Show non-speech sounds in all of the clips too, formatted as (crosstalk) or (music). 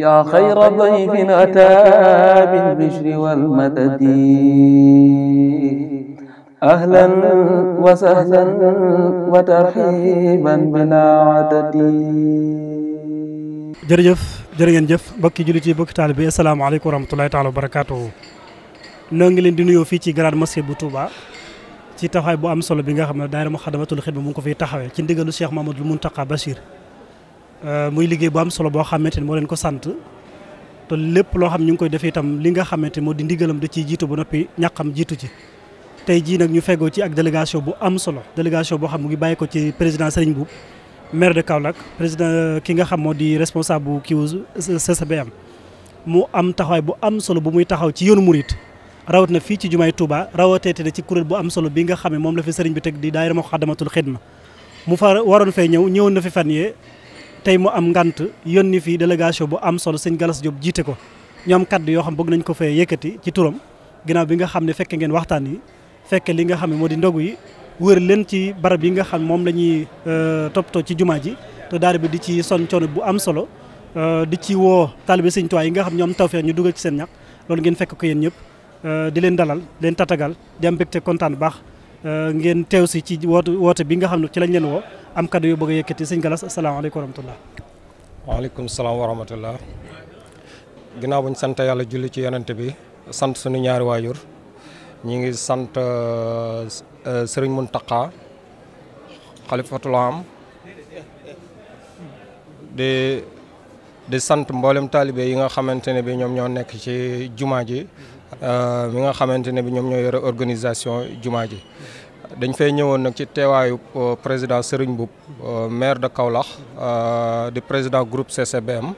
yaa xayra dayfin ataa bil bishri wal madadi ahlan wa sahlan wa tarxiiban bilaa adadi. jërëjëf jërë ngeen jëf mbokki jullit yi mbokki taalibe bi asalaamaaleykum wa rahmatulahi taala wa barakaatuhu. noo ngi leen di nuyoo fii ci grande mosquée bu Touba. ci taxawaay bu am solo bi nga xam ne daayira Muxaddamatul Xidma mu ngi ko fiy taxawee ci ndigalu Cheikh Mamadou Mountakha Bachir. Euh, muy liggéey bu am solo boo xamante ni moo leen ko sant te lépp loo xam ñu ngi koy defee itam li nga xamante moo di ndigalam da ciy jiitu ba noppi ñàqam jiitu ci. tey jii nag ñu fegoo ci ak délégation bu am solo délégation boo xam mu ngi bàyyi ko ci président Serigne Boub maire de Kaolack président euh, ki nga xam moo di responsable bu kiwu CCBM mu am taxawaay bu am solo bu muy taxaw ci yoonu Mouride. rawat na fii ci jumaay Touba rawateete na ci kuréel bu am solo bi nga xam ne moom la fi sëriñ teg di daayira Moukhaddamatoul Khidma mu fa waroon fee ñëw ñëwoon tey mu am ngant yónni fii délégation bu am solo sëñ Gallas Diop jiite ko ñoom kadd yoo xam bëgg nañ ko fay yëkkati ci turam ginnaaw bi nga xam ne fekke ngeen waxtaan yi fekke li nga xam ne moo di ndogu yi wër leen ci barab yi nga xam moom la ñuy euh, toppatoo ci jumaa ji te daara bi di ci son coono bu am solo euh, di ci woo taalibe sëñ Tuubaa yi nga xam ñoom tawfeex ñu dugal ci seen ñax loolu ngeen fekk ko yéen ñëpp euh, di leen dalal leen tatagal di am mbégte kontaan baax Euh, ngeen teew si ci woote woote bi nga xam ne ci lañ leen woo am kaddu yu bëgg a yëkkati sëñ Galas asalaamaaleykum wa rahmatulah. waaleykum salaam wa ginnaaw bañ sant yàlla julli ci yonent bi sant suñu ñaari waajur ñi ngi sant euh, euh, Serigne Mountakha xalifatul am di di sant mboolem taalibe yi nga xamante ne bi ñoom ñoo nekk ci jumaa ji Euh, mi nga xamante ne bi ñoom ñoo yore organisation jumaa ji dañ fay ñëwoon nag ci teewaayu euh, président Serigne Mboup euh, maire de Kaolack di président groupe CCBM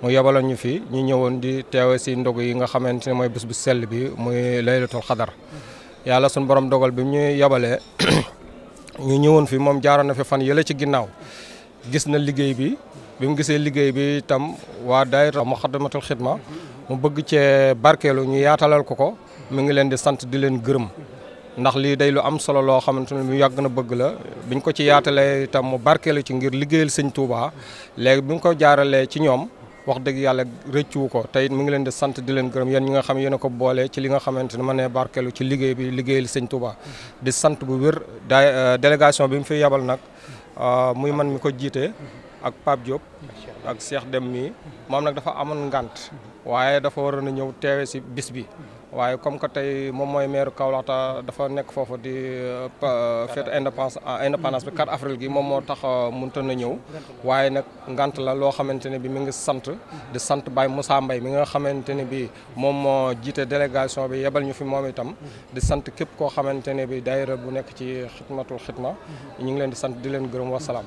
mu yebaloon ñu fi ñu ñëwoon di teewe si ndog yi nga xamante ne mooy bés bu sell bi muy laylatul xadar yàlla suñu borom dogal bi ñu yebalee (coughs) ñu ñëwoon fi moom jaaroon na fi fan yële ci ginnaaw gis na liggéey bi bi mu gisee liggéey bi itam waa daayira Muxaddamatul Xidma mu bëgg cee barkeelu ñu yaatalal ko ko mu ngi leen di sant di leen gërëm ndax lii day lu am solo loo xamante ne mu yàgg na bëgg la biñ ko ci yaatale itam mu barkeelu ci ngir liggéeyal sëñ Touba léegi bi ñu ko jaaralee ci ñoom wax dëgg yàlla rëccu ko tey mu ngi leen di sant di leen gërëm yéen ñi nga xam yéen a ko boole ci li nga xamante ne ma ne barkeelu ci liggéey bi liggéeyal sëñ Touba. di sant bu wér da euh, délégation bi mu fi yabal nag euh, muy man mi ko jiite ak Pape Diop Dem mi moom nag dafa amoon ngant. waaye dafa waroon na ñëw teewe si bis bi waaye comme que tey moom mooy maire Kaolack dafa nekk foofu di euh, fête indépendance ah, indépendance bi 4 avril gi moom moo tax euh, mënta na ñëw waaye nag ngant la loo xamante ne bi mu ngi sant di sant baay Moussa mbay mi nga xamante ne bi moom moo jiite délégation bi yebal ñu fi moom itam di sant képp koo xamante ne bi daayira bu nekk ci xidmatul xidma ñu ngi leen di sant di leen gërëm wasalaam